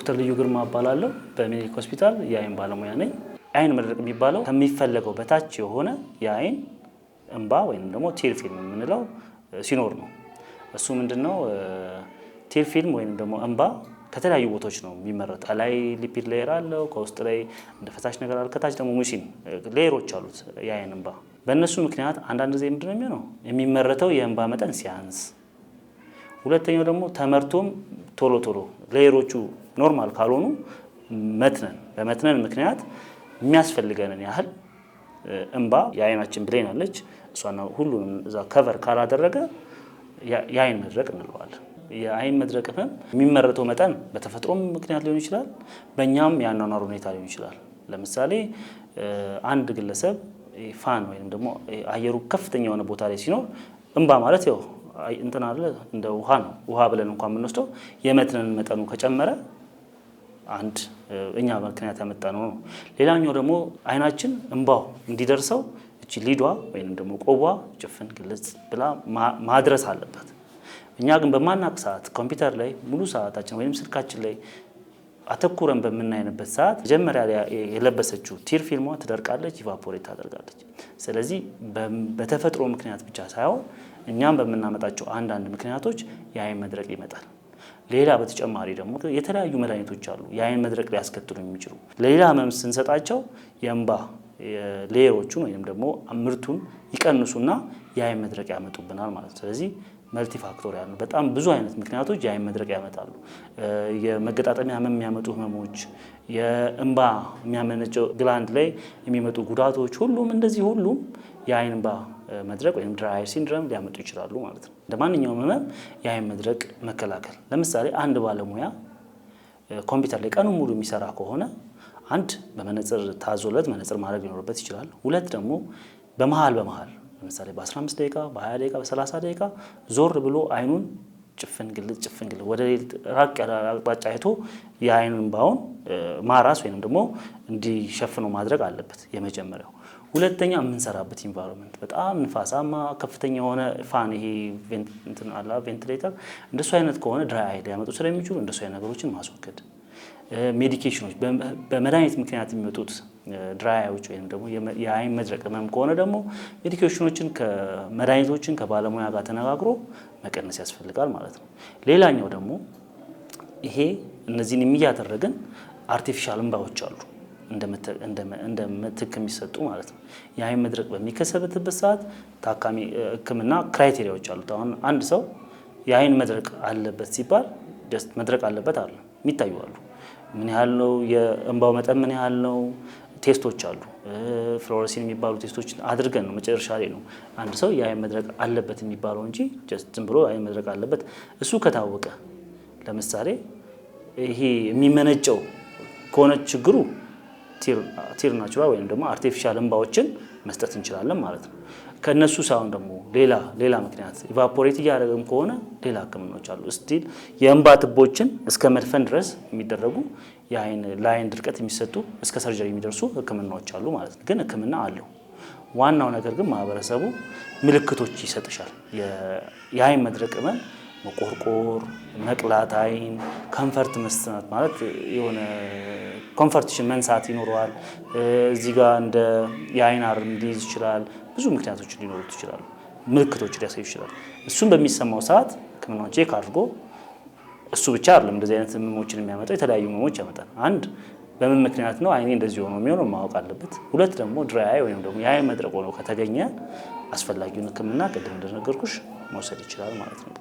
ዶክተር ልዩ ግርማ እባላለሁ። በሚኒሊክ ሆስፒታል የአይን ባለሙያ ነኝ። አይን መድረቅ የሚባለው ከሚፈለገው በታች የሆነ የአይን እንባ ወይም ደግሞ ቴር ፊልም የምንለው ሲኖር ነው። እሱ ምንድን ነው? ቴር ፊልም ወይም ደግሞ እንባ ከተለያዩ ቦታዎች ነው የሚመረት። ከላይ ሊፒድ ሌየር አለው፣ ከውስጥ ላይ እንደ ፈሳሽ ነገር አለ፣ ከታች ደግሞ ሙሲን ሌየሮች አሉት የአይን እንባ። በእነሱ ምክንያት አንዳንድ ጊዜ ምንድን ነው የሚሆነው? የሚመረተው የእንባ መጠን ሲያንስ ሁለተኛው ደግሞ ተመርቶም ቶሎ ቶሎ ሌየሮቹ ኖርማል ካልሆኑ መትነን በመትነን ምክንያት የሚያስፈልገንን ያህል እንባ የአይናችን ብሌን አለች እሷና ሁሉንም እዛ ከቨር ካላደረገ የአይን መድረቅ እንለዋለን። የአይን መድረቅ ህመም የሚመረተው መጠን በተፈጥሮም ምክንያት ሊሆን ይችላል፣ በእኛም የአኗኗር ሁኔታ ሊሆን ይችላል። ለምሳሌ አንድ ግለሰብ ፋን ወይም ደግሞ አየሩ ከፍተኛ የሆነ ቦታ ላይ ሲኖር እንባ ማለት ያው እንትን አለ እንደ ውሃ ነው። ውሃ ብለን እንኳን የምንወስደው የመትንን መጠኑ ከጨመረ አንድ እኛ ምክንያት ያመጣ ነው ነው። ሌላኛው ደግሞ አይናችን እንባው እንዲደርሰው እቺ ሊዷ ወይም ደግሞ ቆቧ ጭፍን ግልጽ ብላ ማድረስ አለበት። እኛ ግን በማናቅ ሰዓት ኮምፒውተር ላይ ሙሉ ሰዓታችን ወይም ስልካችን ላይ አተኩረን በምናይንበት ሰዓት መጀመሪያ የለበሰችው ቲር ፊልሟ ትደርቃለች፣ ኢቫፖሬት ታደርጋለች። ስለዚህ በተፈጥሮ ምክንያት ብቻ ሳይሆን እኛም በምናመጣቸው አንዳንድ ምክንያቶች የአይን መድረቅ ይመጣል። ሌላ በተጨማሪ ደግሞ የተለያዩ መድኃኒቶች አሉ የአይን መድረቅ ሊያስከትሉ የሚችሉ ሌላ ህመም ስንሰጣቸው የእንባ ሌየሮቹን ወይም ደግሞ ምርቱን ይቀንሱና የአይን መድረቅ ያመጡብናል ማለት ስለዚህ መልቲ ፋክቶሪያል ነው። በጣም ብዙ አይነት ምክንያቶች የአይን መድረቅ ያመጣሉ። የመገጣጠሚያ ህመም የሚያመጡ ህመሞች፣ የእንባ የሚያመነጨው ግላንድ ላይ የሚመጡ ጉዳቶች፣ ሁሉም እንደዚህ ሁሉም የአይን እንባ መድረቅ ወይም ድራይ ሲንድረም ሊያመጡ ይችላሉ ማለት ነው። እንደ ማንኛውም ህመም የአይን መድረቅ መከላከል፣ ለምሳሌ አንድ ባለሙያ ኮምፒውተር ላይ ቀኑን ሙሉ የሚሰራ ከሆነ አንድ በመነጽር ታዞለት መነጽር ማድረግ ሊኖርበት ይችላል። ሁለት ደግሞ በመሃል በመሃል ለምሳሌ በ15 ደቂቃ በ20 ደቂቃ በ30 ደቂቃ ዞር ብሎ አይኑን ጭፍን ግልጽ ጭፍን ግልጽ ወደ ራቅ ያለ አቅጣጫ አይቶ የአይኑን እንባውን ማራስ ወይም ደግሞ እንዲሸፍኑ ማድረግ አለበት። የመጀመሪያው። ሁለተኛ የምንሰራበት ኢንቫይሮንመንት በጣም ንፋሳማ ከፍተኛ የሆነ ፋን ይሄ ቬንትሌተር እንደሱ አይነት ከሆነ ድራይ አይ ሊያመጡ ስለሚችሉ እንደሱ አይነት ነገሮችን ማስወገድ ሜዲኬሽኖች በመድኃኒት ምክንያት የሚወጡት ድራያዎች ወይም ደግሞ የአይን መድረቅ ህመም ከሆነ ደግሞ ሜዲኬሽኖችን ከመድኃኒቶችን ከባለሙያ ጋር ተነጋግሮ መቀነስ ያስፈልጋል ማለት ነው። ሌላኛው ደግሞ ይሄ እነዚህን የሚያደረግን አርቲፊሻል እንባዎች አሉ እንደ ምትክ የሚሰጡ ማለት ነው። የአይን መድረቅ በሚከሰበትበት ሰዓት ታካሚ ህክምና ክራይቴሪያዎች አሉት። አሁን አንድ ሰው የአይን መድረቅ አለበት ሲባል መድረቅ አለበት አለ የሚታዩ አሉ ምን ያህል ነው የእንባው መጠን ምን ያህል ነው ቴስቶች አሉ። ፍሎረሲን የሚባሉ ቴስቶች አድርገን ነው መጨረሻ ላይ ነው አንድ ሰው የአይን መድረቅ አለበት የሚባለው እንጂ ዝም ብሎ አይን መድረቅ አለበት እሱ ከታወቀ ለምሳሌ ይሄ የሚመነጨው ከሆነ ችግሩ ቲር ናቹራል ወይም ደግሞ አርቲፊሻል እንባዎችን መስጠት እንችላለን ማለት ነው። ከእነሱ ሳይሆን ደግሞ ሌላ ሌላ ምክንያት ኢቫፖሬት እያደረግም ከሆነ ሌላ ህክምናዎች አሉ። ስቲል የእንባ ትቦችን እስከ መድፈን ድረስ የሚደረጉ ለአይን ድርቀት የሚሰጡ እስከ ሰርጀሪ የሚደርሱ ህክምናዎች አሉ ማለት ነው። ግን ህክምና አለው። ዋናው ነገር ግን ማህበረሰቡ ምልክቶች ይሰጥሻል። የአይን መድረቅ ህመም መቆርቆር፣ መቅላት አይን፣ ከንፈርት መስናት ማለት የሆነ ኮንፈርቴሽን መንሳት ይኖረዋል። እዚህ ጋር እንደ የአይን አርም እንዲይዝ ይችላል። ብዙ ምክንያቶች ሊኖሩት ይችላሉ። ምልክቶች ሊያሳዩ ይችላል። እሱን በሚሰማው ሰዓት ሕክምናውን ቼክ አድርጎ እሱ ብቻ አይደለም እንደዚህ አይነት ህመሞችን የሚያመጣው የተለያዩ ህመሞች ያመጣል። አንድ በምን ምክንያት ነው አይኔ እንደዚህ ሆኖ የሚሆነው ማወቅ አለበት። ሁለት ደግሞ ድራይ አይ ወይም ደግሞ የአይን መድረቅ ሆኖ ከተገኘ አስፈላጊውን ሕክምና ቅድም እንደነገርኩሽ መውሰድ ይችላል ማለት ነው።